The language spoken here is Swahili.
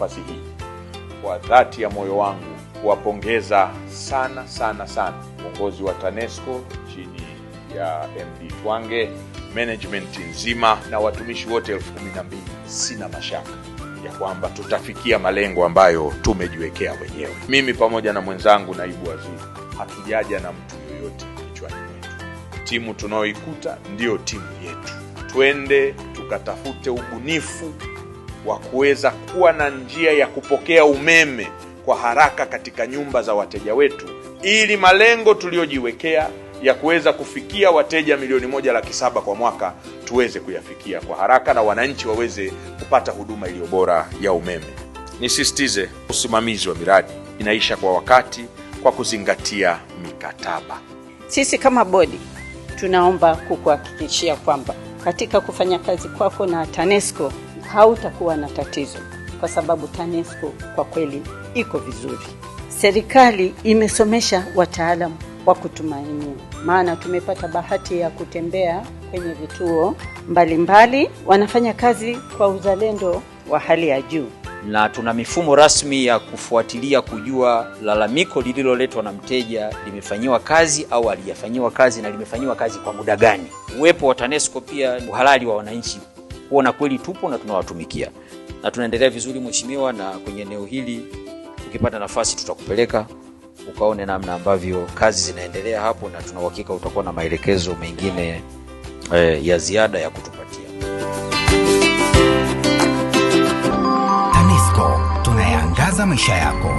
nafasi hii kwa dhati ya moyo wangu kuwapongeza sana sana sana uongozi wa TANESCO chini ya MD Twange, management nzima na watumishi wote elfu kumi na mbili. Sina mashaka ya kwamba tutafikia malengo ambayo tumejiwekea wenyewe. Mimi pamoja na mwenzangu naibu waziri, hatujaja na mtu yoyote kichwani mwetu. Timu tunayoikuta ndiyo timu yetu. Twende tukatafute ubunifu wa kuweza kuwa na njia ya kupokea umeme kwa haraka katika nyumba za wateja wetu ili malengo tuliyojiwekea ya kuweza kufikia wateja milioni moja laki saba kwa mwaka tuweze kuyafikia kwa haraka na wananchi waweze kupata huduma iliyo bora ya umeme. Nisisitize, usimamizi wa miradi inaisha kwa wakati kwa kuzingatia mikataba. Sisi kama bodi tunaomba kukuhakikishia kwamba katika kufanya kazi kwako na TANESCO hautakuwa na tatizo, kwa sababu TANESCO kwa kweli iko vizuri. Serikali imesomesha wataalamu wa kutumainia, maana tumepata bahati ya kutembea kwenye vituo mbalimbali mbali. Wanafanya kazi kwa uzalendo wa hali ya juu na tuna mifumo rasmi ya kufuatilia kujua lalamiko lililoletwa na mteja limefanyiwa kazi au alijafanyiwa kazi na limefanyiwa kazi kwa muda gani. Uwepo wa TANESCO pia uhalali wa wananchi kuona kweli tupo na tunawatumikia na tunaendelea vizuri mheshimiwa, na kwenye eneo hili ukipata nafasi tutakupeleka ukaone namna ambavyo kazi zinaendelea hapo, na tunauhakika utakuwa na maelekezo mengine eh, ya ziada ya kutupatia. TANESCO tunayaangaza maisha yako.